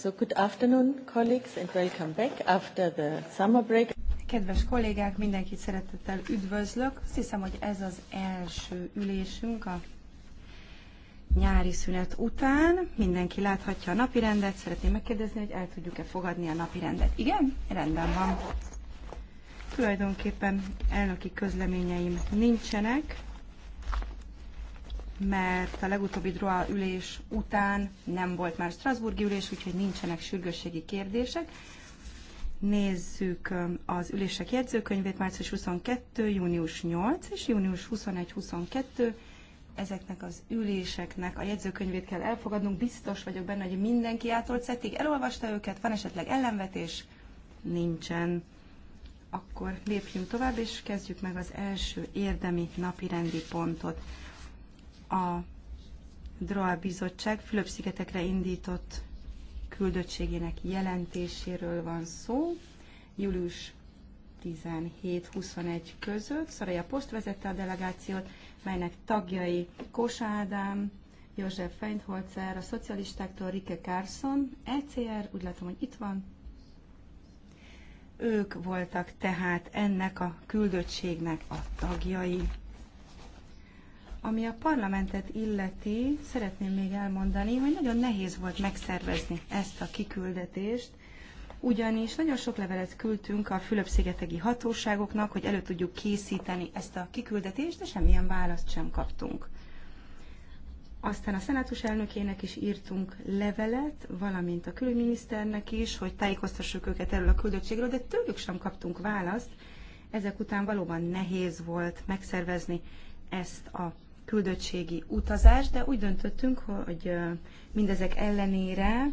So good afternoon, colleagues, and welcome back after the summer break. Kedves kollégák, mindenkit szeretettel üdvözlök. Azt hiszem, hogy ez az első ülésünk a nyári szünet után. Mindenki láthatja a napirendet. Szeretném megkérdezni, hogy el tudjuk-e fogadni a napirendet. Igen? Rendben van. Tulajdonképpen elnöki közleményeim nincsenek mert a legutóbbi DROA ülés után nem volt már Strasburgi ülés, úgyhogy nincsenek sürgősségi kérdések. Nézzük um, az ülések jegyzőkönyvét, március 22, június 8 és június 21-22. Ezeknek az üléseknek a jegyzőkönyvét kell elfogadnunk. Biztos vagyok benne, hogy mindenki átolcettig elolvasta őket, van esetleg ellenvetés? Nincsen. Akkor lépjünk tovább, és kezdjük meg az első érdemi napirendi pontot a DROA bizottság Fülöp-szigetekre indított küldöttségének jelentéséről van szó. Július 17-21 között Szaraja Post vezette a delegációt, melynek tagjai Kósa Ádám, József Feindholzer, a szocialistáktól Rike Carson, ECR, úgy látom, hogy itt van. Ők voltak tehát ennek a küldöttségnek a tagjai. Ami a parlamentet illeti, szeretném még elmondani, hogy nagyon nehéz volt megszervezni ezt a kiküldetést, ugyanis nagyon sok levelet küldtünk a Fülöp-szigetegi hatóságoknak, hogy elő tudjuk készíteni ezt a kiküldetést, de semmilyen választ sem kaptunk. Aztán a szenátus elnökének is írtunk levelet, valamint a külügyminiszternek is, hogy tájékoztassuk őket erről a küldöttségről, de tőlük sem kaptunk választ. Ezek után valóban nehéz volt megszervezni ezt a küldöttségi utazás, de úgy döntöttünk, hogy mindezek ellenére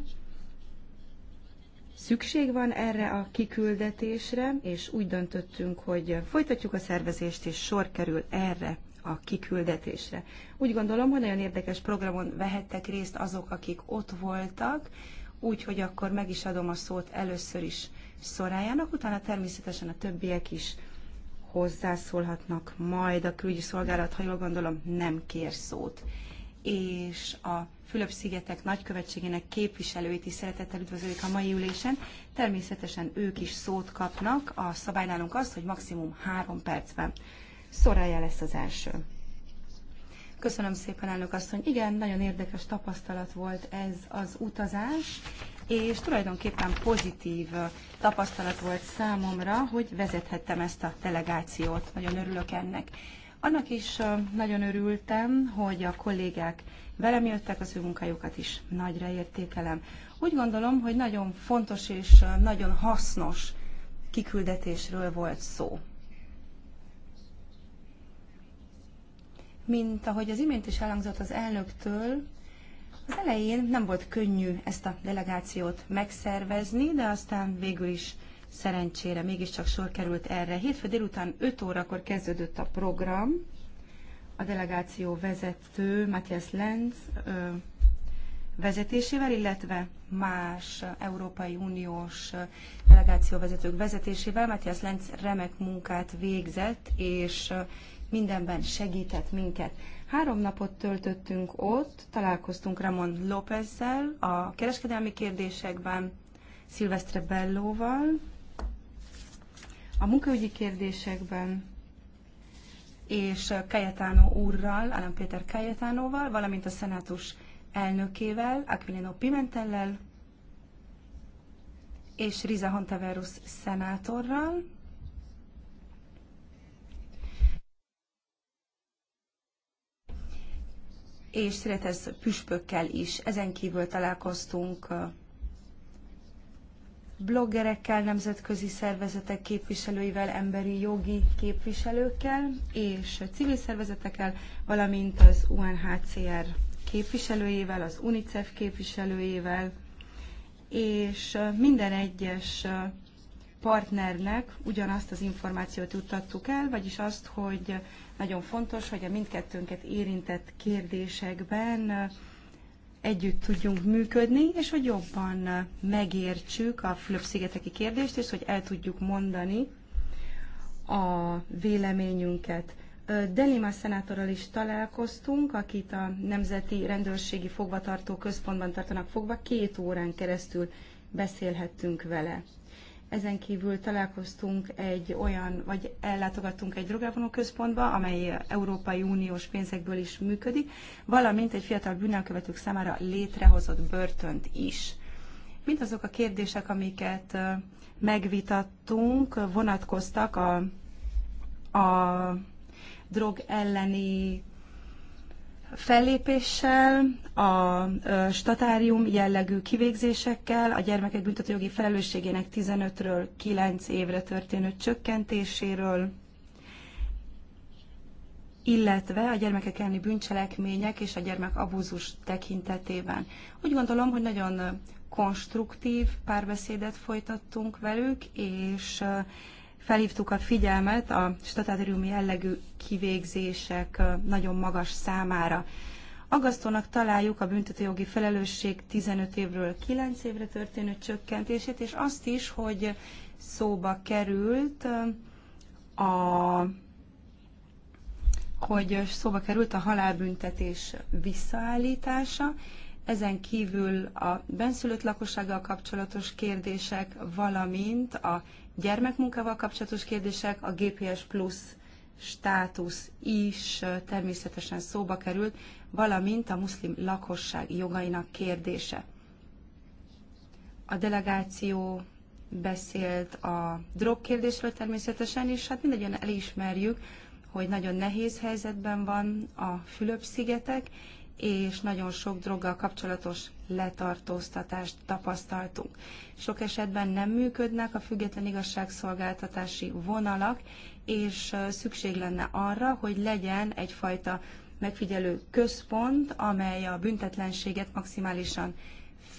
szükség van erre a kiküldetésre, és úgy döntöttünk, hogy folytatjuk a szervezést, és sor kerül erre a kiküldetésre. Úgy gondolom, hogy nagyon érdekes programon vehettek részt azok, akik ott voltak, úgyhogy akkor meg is adom a szót először is Szorájának, utána természetesen a többiek is hozzászólhatnak majd. A külügyi szolgálat, ha jól gondolom, nem kér szót. És a Fülöp-szigetek nagykövetségének képviselőit is szeretettel üdvözöljük a mai ülésen. Természetesen ők is szót kapnak. A szabály nálunk az, hogy maximum három percben. Szorája lesz az első. Köszönöm szépen, elnök asszony. Igen, nagyon érdekes tapasztalat volt ez az utazás, és tulajdonképpen pozitív tapasztalat volt számomra, hogy vezethettem ezt a delegációt. Nagyon örülök ennek. Annak is nagyon örültem, hogy a kollégák velem jöttek, az ő munkájukat is nagyra értékelem. Úgy gondolom, hogy nagyon fontos és nagyon hasznos kiküldetésről volt szó. Mint ahogy az imént is elhangzott az elnöktől, az elején nem volt könnyű ezt a delegációt megszervezni, de aztán végül is szerencsére mégiscsak sor került erre. Hétfő délután 5 órakor kezdődött a program. A delegáció vezető Matthias Lenz vezetésével, illetve más Európai Uniós delegációvezetők vezetésével. Matthias Lenz remek munkát végzett, és mindenben segített minket. Három napot töltöttünk ott, találkoztunk Ramon Lópezzel a kereskedelmi kérdésekben, Szilvesztre Bellóval, a munkaügyi kérdésekben, és Cayetano úrral, Alan Péter Cayetanoval, valamint a szenátus elnökével, Aquilino Pimentellel, és Riza Hontaverus szenátorral, és Szeretesz püspökkel is. Ezen kívül találkoztunk bloggerekkel, nemzetközi szervezetek képviselőivel, emberi jogi képviselőkkel és civil szervezetekkel, valamint az UNHCR képviselőjével, az UNICEF képviselőjével, és minden egyes partnernek ugyanazt az információt juttattuk el, vagyis azt, hogy nagyon fontos, hogy a mindkettőnket érintett kérdésekben együtt tudjunk működni, és hogy jobban megértsük a Fülöp-szigeteki kérdést, és hogy el tudjuk mondani a véleményünket. Delima szenátorral is találkoztunk, akit a Nemzeti Rendőrségi Fogvatartó Központban tartanak fogva, két órán keresztül beszélhettünk vele. Ezen kívül találkoztunk egy olyan, vagy ellátogattunk egy drogávonó központba, amely Európai Uniós pénzekből is működik, valamint egy fiatal bűnelkövetők számára létrehozott börtönt is. Mint azok a kérdések, amiket megvitattunk, vonatkoztak a, a drog elleni fellépéssel, a statárium jellegű kivégzésekkel, a gyermekek büntetőjogi felelősségének 15-ről 9 évre történő csökkentéséről, illetve a gyermekek elleni bűncselekmények és a gyermek abúzus tekintetében. Úgy gondolom, hogy nagyon konstruktív párbeszédet folytattunk velük, és felhívtuk a figyelmet a statatóriumi jellegű kivégzések nagyon magas számára. Agasztónak találjuk a büntetőjogi felelősség 15 évről 9 évre történő csökkentését, és azt is, hogy szóba került a hogy szóba került a halálbüntetés visszaállítása, ezen kívül a benszülött lakossággal kapcsolatos kérdések, valamint a gyermekmunkával kapcsolatos kérdések, a GPS plusz státusz is természetesen szóba került, valamint a muszlim lakosság jogainak kérdése. A delegáció beszélt a drog kérdésről természetesen, és hát mindegyen elismerjük, hogy nagyon nehéz helyzetben van a Fülöp-szigetek, és nagyon sok droggal kapcsolatos letartóztatást tapasztaltunk. Sok esetben nem működnek a független igazságszolgáltatási vonalak, és szükség lenne arra, hogy legyen egyfajta megfigyelő központ, amely a büntetlenséget maximálisan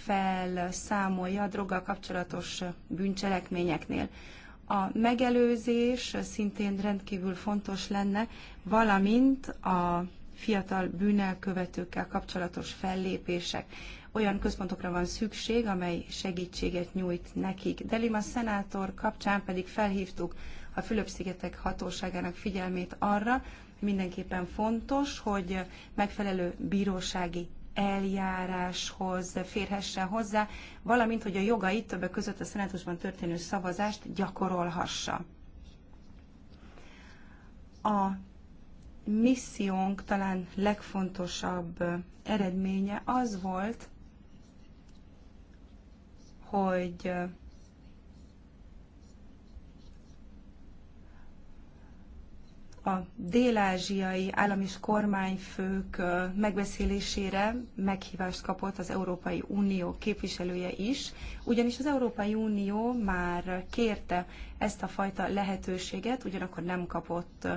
felszámolja a droggal kapcsolatos bűncselekményeknél. A megelőzés szintén rendkívül fontos lenne, valamint a fiatal bűnelkövetőkkel kapcsolatos fellépések. Olyan központokra van szükség, amely segítséget nyújt nekik. Delima szenátor kapcsán pedig felhívtuk a Fülöp-szigetek hatóságának figyelmét arra, mindenképpen fontos, hogy megfelelő bírósági eljáráshoz férhessen hozzá, valamint, hogy a itt, többek között a szenátusban történő szavazást gyakorolhassa. A missziónk talán legfontosabb eredménye az volt, hogy a dél-ázsiai állam és kormányfők megbeszélésére meghívást kapott az Európai Unió képviselője is, ugyanis az Európai Unió már kérte ezt a fajta lehetőséget, ugyanakkor nem kapott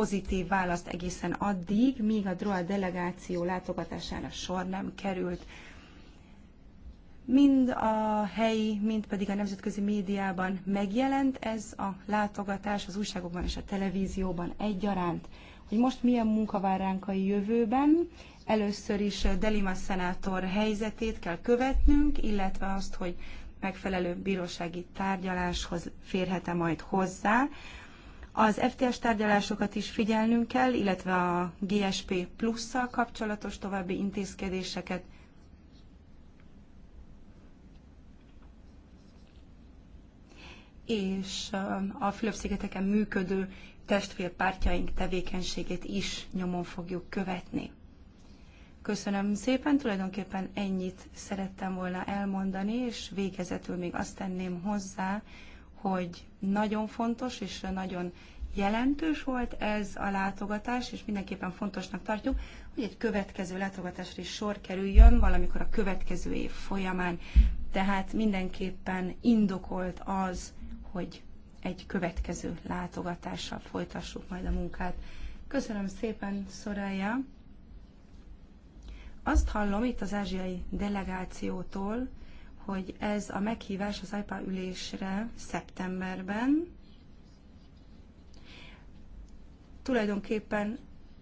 pozitív választ egészen addig, míg a DROA delegáció látogatására sor nem került. Mind a helyi, mind pedig a nemzetközi médiában megjelent ez a látogatás az újságokban és a televízióban egyaránt. Hogy most milyen munka vár ránk a jövőben, először is Delima szenátor helyzetét kell követnünk, illetve azt, hogy megfelelő bírósági tárgyaláshoz férhet-e majd hozzá az FTS tárgyalásokat is figyelnünk kell, illetve a GSP plusszal kapcsolatos további intézkedéseket. és a Fülöp-szigeteken működő testvérpártjaink tevékenységét is nyomon fogjuk követni. Köszönöm szépen, tulajdonképpen ennyit szerettem volna elmondani, és végezetül még azt tenném hozzá, hogy nagyon fontos és nagyon jelentős volt ez a látogatás, és mindenképpen fontosnak tartjuk, hogy egy következő látogatásra is sor kerüljön valamikor a következő év folyamán. Tehát mindenképpen indokolt az, hogy egy következő látogatással folytassuk majd a munkát. Köszönöm szépen, Szorája! Azt hallom itt az ázsiai delegációtól, hogy ez a meghívás az IPA ülésre szeptemberben tulajdonképpen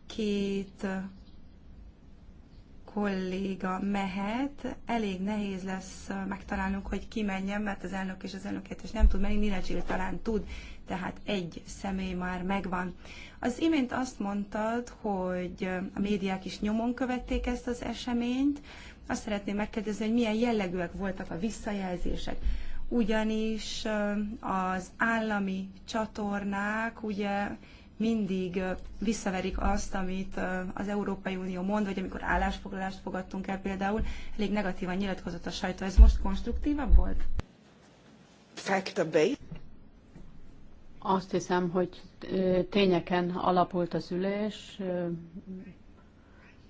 két kolléga mehet, elég nehéz lesz megtalálnunk, hogy ki menjen, mert az elnök és az elnökét is nem tud menni, Nina Jill talán tud, tehát egy személy már megvan. Az imént azt mondtad, hogy a médiák is nyomon követték ezt az eseményt, azt szeretném megkérdezni, hogy milyen jellegűek voltak a visszajelzések. Ugyanis az állami csatornák ugye mindig visszaverik azt, amit az Európai Unió mond, vagy amikor állásfoglalást fogadtunk el például, elég negatívan nyilatkozott a sajtó. Ez most konstruktívabb volt? Fact-based. Azt hiszem, hogy tényeken alapult az ülés,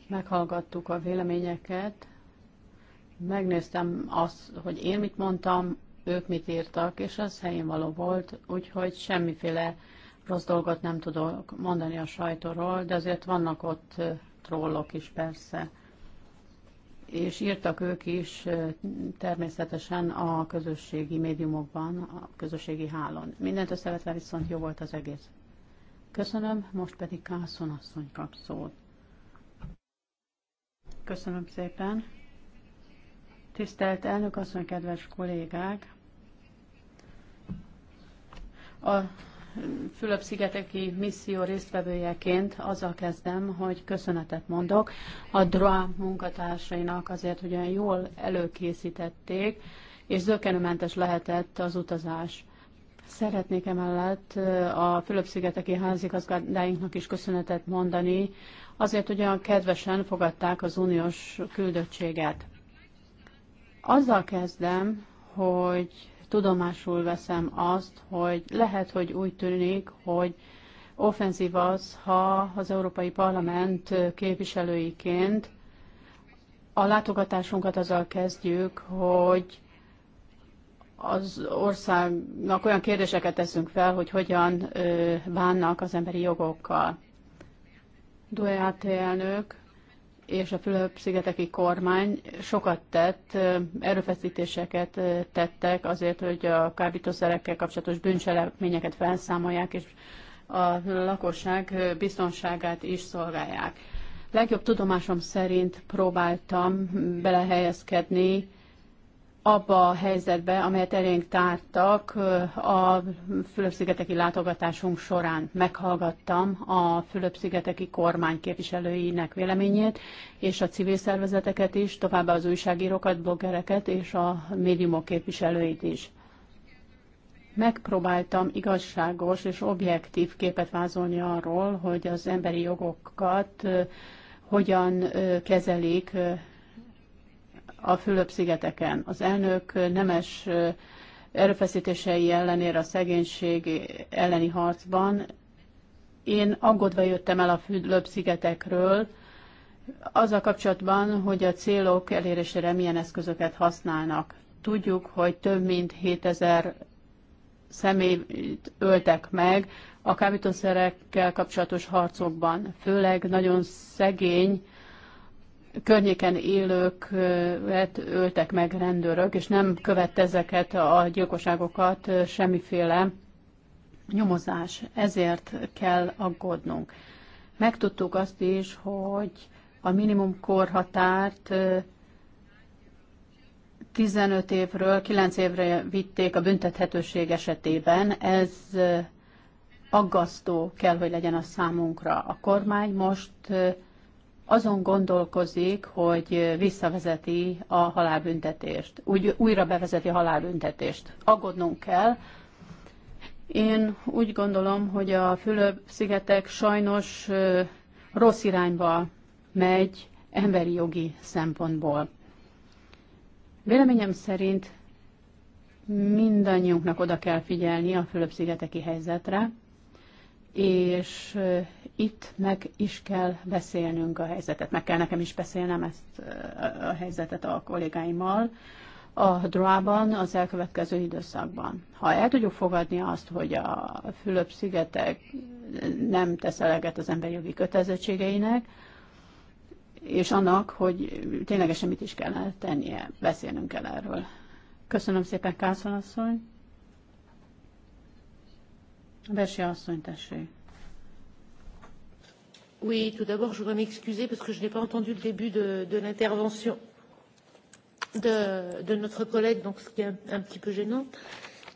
meghallgattuk a véleményeket, megnéztem azt, hogy én mit mondtam, ők mit írtak, és az helyén való volt, úgyhogy semmiféle rossz dolgot nem tudok mondani a sajtóról, de azért vannak ott trollok is persze. És írtak ők is természetesen a közösségi médiumokban, a közösségi hálón. Mindent összevetve viszont jó volt az egész. Köszönöm, most pedig Kászon asszony kap szót. Köszönöm szépen. Tisztelt elnök asszony, kedves kollégák! A Fülöp-szigeteki misszió résztvevőjeként azzal kezdem, hogy köszönetet mondok a DRA munkatársainak azért, hogy olyan jól előkészítették, és zökenőmentes lehetett az utazás. Szeretnék emellett a Fülöp-szigeteki házigazgatáinknak is köszönetet mondani, azért, hogy olyan kedvesen fogadták az uniós küldöttséget. Azzal kezdem, hogy tudomásul veszem azt, hogy lehet, hogy úgy tűnik, hogy offenzív az, ha az Európai Parlament képviselőiként a látogatásunkat azzal kezdjük, hogy az országnak olyan kérdéseket teszünk fel, hogy hogyan bánnak az emberi jogokkal. Duarte elnök és a Fülöp-szigeteki kormány sokat tett, erőfeszítéseket tettek azért, hogy a kábítószerekkel kapcsolatos bűncselekményeket felszámolják, és a lakosság biztonságát is szolgálják. Legjobb tudomásom szerint próbáltam belehelyezkedni abba a helyzetbe, amelyet elénk tártak a Fülöp-szigeteki látogatásunk során. Meghallgattam a Fülöp-szigeteki kormány képviselőinek véleményét, és a civil szervezeteket is, továbbá az újságírókat, bloggereket és a médiumok képviselőit is. Megpróbáltam igazságos és objektív képet vázolni arról, hogy az emberi jogokat hogyan kezelik a Fülöp-szigeteken. Az elnök nemes erőfeszítései ellenére a szegénység elleni harcban. Én aggódva jöttem el a Fülöp-szigetekről, a kapcsolatban, hogy a célok elérésére milyen eszközöket használnak. Tudjuk, hogy több mint 7000 személyt öltek meg a kábítószerekkel kapcsolatos harcokban, főleg nagyon szegény környéken élők öltek meg rendőrök, és nem követte ezeket a gyilkosságokat semmiféle nyomozás. Ezért kell aggódnunk. Megtudtuk azt is, hogy a minimum korhatárt 15 évről 9 évre vitték a büntethetőség esetében. Ez aggasztó kell, hogy legyen a számunkra. A kormány most azon gondolkozik, hogy visszavezeti a halálbüntetést, úgy újra bevezeti a halálbüntetést. Aggódnunk kell. Én úgy gondolom, hogy a Fülöp-szigetek sajnos rossz irányba megy emberi jogi szempontból. Véleményem szerint mindannyiunknak oda kell figyelni a Fülöp-szigeteki helyzetre, és itt meg is kell beszélnünk a helyzetet. Meg kell nekem is beszélnem ezt a helyzetet a kollégáimmal a drában az elkövetkező időszakban. Ha el tudjuk fogadni azt, hogy a Fülöp-szigetek nem tesz eleget az emberi jogi kötelezettségeinek, és annak, hogy ténylegesen mit is kellene tennie, beszélnünk kell erről. Köszönöm szépen, Kászon asszony! Versi asszony, tessék. Oui, tout d'abord, je voudrais m'excuser parce que je n'ai pas entendu le début de, de l'intervention de, de notre collègue, donc ce qui est un, un petit peu gênant.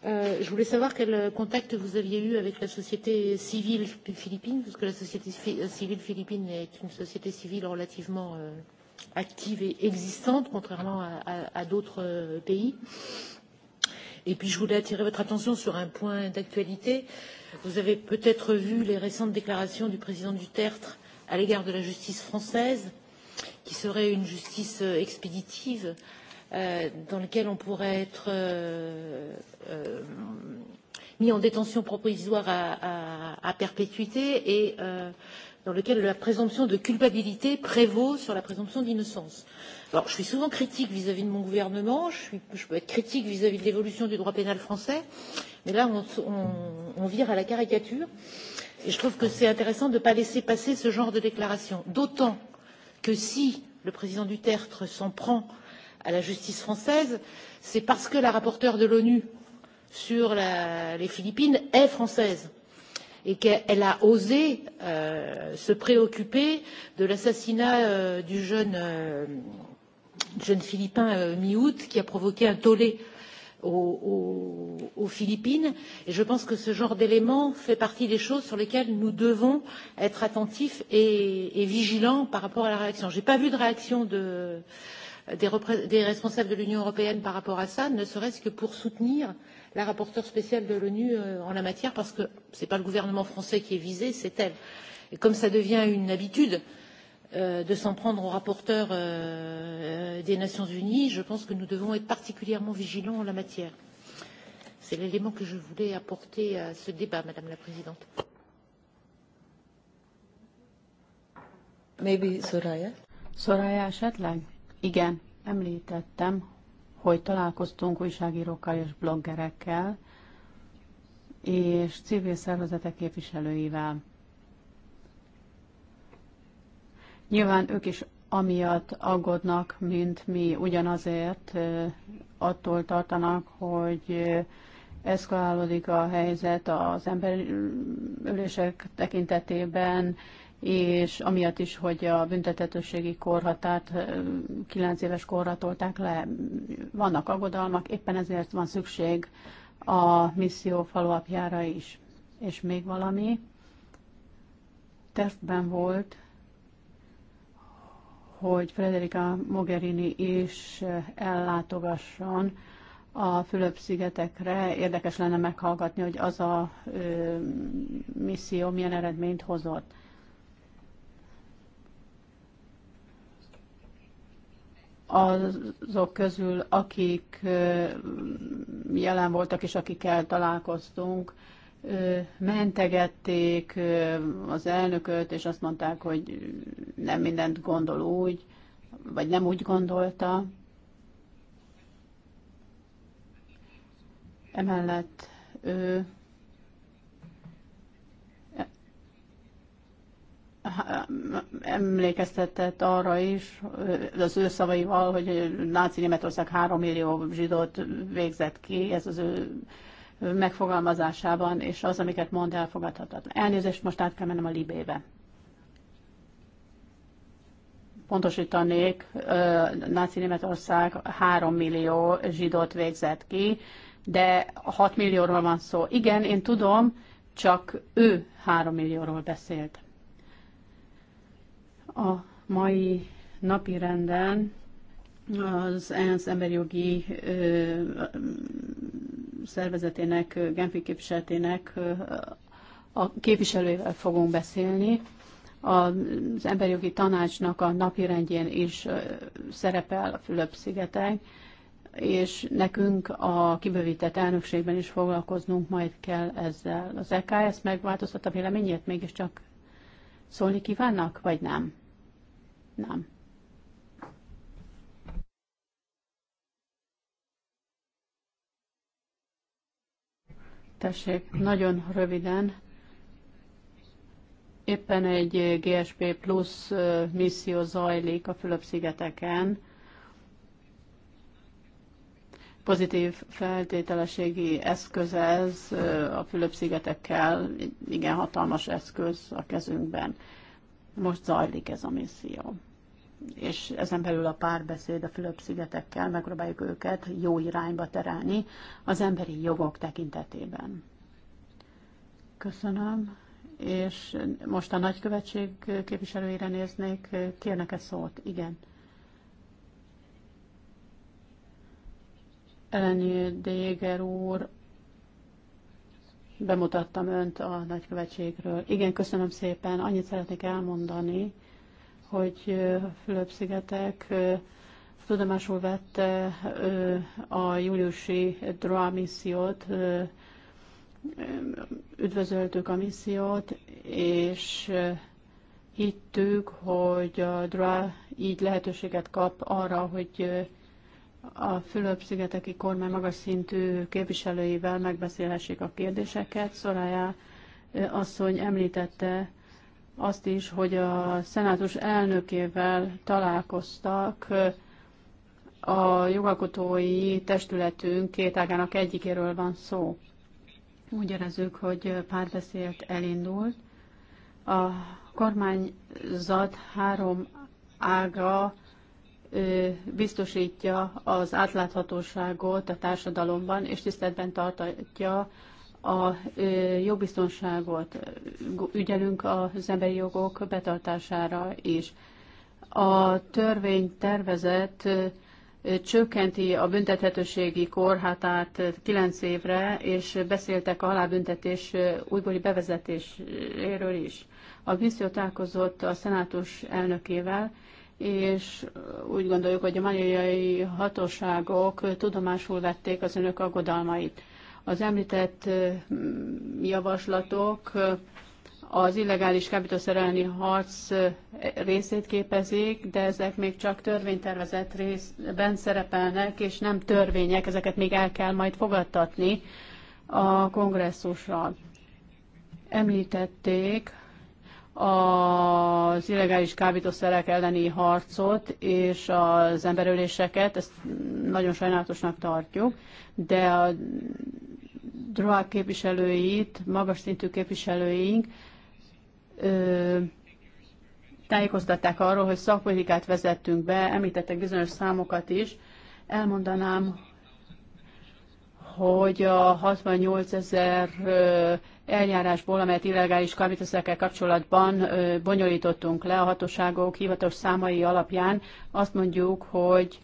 Euh, je voulais savoir quel contact vous aviez eu avec la société civile philippine, parce que la société euh, civile philippine est une société civile relativement euh, active et existante, contrairement à, à, à d'autres euh, pays. Euh, Et puis je voulais attirer votre attention sur un point d'actualité. Vous avez peut-être vu les récentes déclarations du président Duterte à l'égard de la justice française, qui serait une justice euh, expéditive euh, dans laquelle on pourrait être euh, euh, mis en détention provisoire à, à, à perpétuité et euh, dans lequel la présomption de culpabilité prévaut sur la présomption d'innocence. Alors, je suis souvent critique vis-à-vis -vis de mon gouvernement, je, suis, je peux être critique vis-à-vis -vis de l'évolution du droit pénal français, mais là, on, on, on vire à la caricature. Et je trouve que c'est intéressant de ne pas laisser passer ce genre de déclaration, d'autant que si le président Duterte s'en prend à la justice française, c'est parce que la rapporteure de l'ONU sur la, les Philippines est française et qu'elle a osé euh, se préoccuper de l'assassinat euh, du jeune, euh, jeune Philippin euh, mi-août qui a provoqué un tollé aux, aux, aux Philippines. Et je pense que ce genre d'élément fait partie des choses sur lesquelles nous devons être attentifs et, et vigilants par rapport à la réaction. Je n'ai pas vu de réaction de, des, des responsables de l'Union européenne par rapport à ça, ne serait-ce que pour soutenir euh, la rapporteure spéciale de l'ONU euh, en la matière parce que ce n'est pas le gouvernement français qui est visé, c'est elle. Et comme ça devient une habitude euh, de s'en prendre aux rapporteurs euh, des Nations Unies, je pense que nous devons être particulièrement vigilants en la matière. C'est l'élément que je voulais apporter à ce débat, Madame la Présidente. Maybe Soraya? Soraya esetleg? Igen, említettem, hogy találkoztunk újságírókkal és bloggerekkel, és civil szervezetek képviselőivel. Nyilván ők is amiatt aggódnak, mint mi, ugyanazért attól tartanak, hogy eszkalálódik a helyzet az emberülések tekintetében, és amiatt is, hogy a büntetetőségi korhatárt 9 éves korra tolták le, vannak aggodalmak, éppen ezért van szükség a misszió faluapjára is. És még valami, tervben volt, hogy Frederica Mogherini is ellátogasson a Fülöp-szigetekre. Érdekes lenne meghallgatni, hogy az a ö, misszió milyen eredményt hozott. azok közül, akik jelen voltak és akikkel találkoztunk, mentegették az elnököt, és azt mondták, hogy nem mindent gondol úgy, vagy nem úgy gondolta. Emellett ő emlékeztetett arra is, az ő szavaival, hogy náci Németország három millió zsidót végzett ki, ez az ő megfogalmazásában, és az, amiket mond, elfogadhatatlan. Elnézést, most át kell mennem a libébe. Pontosítanék, náci Németország három millió zsidót végzett ki, de 6 millióról van szó. Igen, én tudom, csak ő 3 millióról beszélt. A mai napi renden az ENSZ emberi jogi szervezetének, Genfi képviseletének a képviselővel fogunk beszélni. Az emberi jogi tanácsnak a rendjén is szerepel a Fülöp-szigetek, és nekünk a kibővített elnökségben is foglalkoznunk majd kell ezzel. Az EKS megváltoztatta véleményét, mégiscsak szólni kívánnak, vagy nem? Nem. Tessék, nagyon röviden. Éppen egy GSP plusz misszió zajlik a Fülöp-szigeteken. Pozitív feltételeségi eszköz ez a Fülöp-szigetekkel, igen hatalmas eszköz a kezünkben. Most zajlik ez a misszió. És ezen belül a párbeszéd a Fülöp-szigetekkel, megpróbáljuk őket jó irányba terelni az emberi jogok tekintetében. Köszönöm. És most a nagykövetség képviselőire néznék. Kérnek-e szót? Igen. Eleni Déger úr bemutattam önt a nagykövetségről. Igen, köszönöm szépen. Annyit szeretnék elmondani, hogy Fülöp-szigetek tudomásul vette a júliusi DRA missziót, üdvözöltük a missziót, és hittük, hogy a DRA így lehetőséget kap arra, hogy a Fülöp-szigeteki kormány magas szintű képviselőivel megbeszélhessék a kérdéseket. Szorájá asszony említette azt is, hogy a szenátus elnökével találkoztak a jogalkotói testületünk két ágának egyikéről van szó. Úgy érezzük, hogy párbeszélt elindult. A kormányzat három ága biztosítja az átláthatóságot a társadalomban, és tiszteletben tartatja a jogbiztonságot. Ügyelünk az emberi jogok betartására is. A törvény tervezet csökkenti a büntethetőségi korhatárt 9 évre, és beszéltek a halálbüntetés újbóli bevezetéséről is. A biztos találkozott a szenátus elnökével, és úgy gondoljuk, hogy a magyarai hatóságok tudomásul vették az önök aggodalmait. Az említett javaslatok az illegális kábítószer elleni harc részét képezik, de ezek még csak törvénytervezet részben szerepelnek, és nem törvények, ezeket még el kell majd fogadtatni a kongresszussal. Említették az illegális kábítószerek elleni harcot és az emberöléseket, ezt nagyon sajnálatosnak tartjuk, de a drog képviselőit, magas szintű képviselőink ö, tájékoztatták arról, hogy szakpolitikát vezettünk be, említettek bizonyos számokat is. Elmondanám, hogy a 68 ezer eljárásból, amelyet illegális kábítószerekkel kapcsolatban bonyolítottunk le a hatóságok hivatalos számai alapján, azt mondjuk, hogy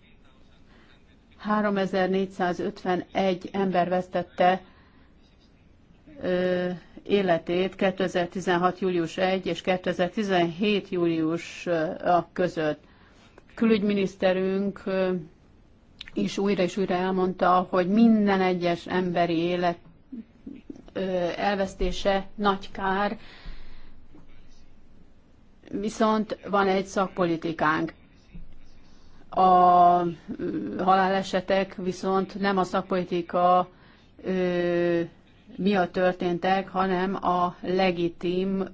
3451 ember vesztette ö, életét 2016. július 1 és 2017. július között. Külügyminiszterünk is újra és újra elmondta, hogy minden egyes emberi élet elvesztése nagy kár, viszont van egy szakpolitikánk. A halálesetek viszont nem a szakpolitika miatt történtek, hanem a legitim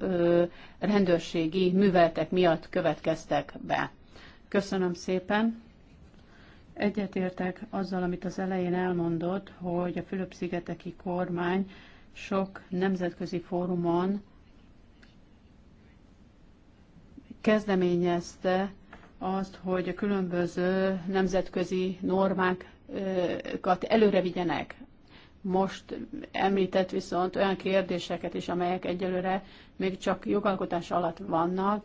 rendőrségi műveletek miatt következtek be. Köszönöm szépen. Egyetértek azzal, amit az elején elmondott, hogy a Fülöp-szigeteki kormány sok nemzetközi fórumon kezdeményezte azt, hogy a különböző nemzetközi normákat előre vigyenek. Most említett viszont olyan kérdéseket is, amelyek egyelőre még csak jogalkotás alatt vannak.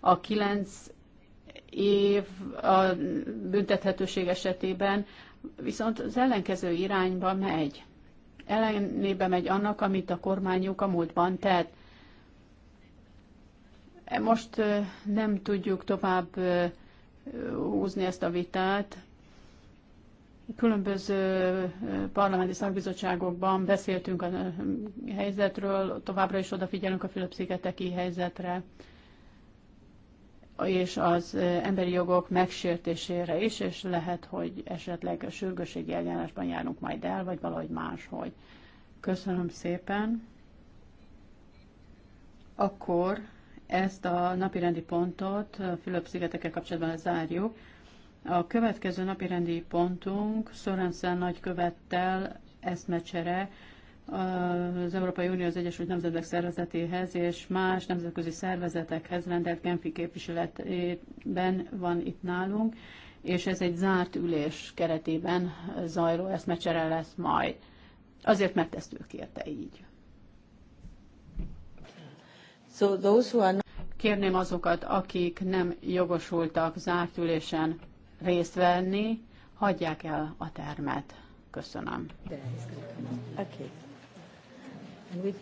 A kilenc év a büntethetőség esetében viszont az ellenkező irányba megy ellenébe megy annak, amit a kormányuk a múltban tett. E, most nem tudjuk tovább húzni ezt a vitát. Különböző parlamenti szakbizottságokban beszéltünk a helyzetről, továbbra is odafigyelünk a Fülöp-szigeteki helyzetre és az emberi jogok megsértésére is, és lehet, hogy esetleg a sürgőségi eljárásban járunk majd el, vagy valahogy máshogy. Köszönöm szépen. Akkor ezt a napirendi pontot Fülöp-szigetekkel kapcsolatban zárjuk. A következő napirendi pontunk Szorenszen nagykövettel eszmecsere az Európai Unió az Egyesült Nemzetek Szervezetéhez és más nemzetközi szervezetekhez rendelt Genfi képviseletében van itt nálunk, és ez egy zárt ülés keretében zajló eszmecsere lesz majd. Azért, mert ezt ő kérte így. So those who are not... Kérném azokat, akik nem jogosultak zárt ülésen részt venni, hagyják el a termet. Köszönöm. Okay and we've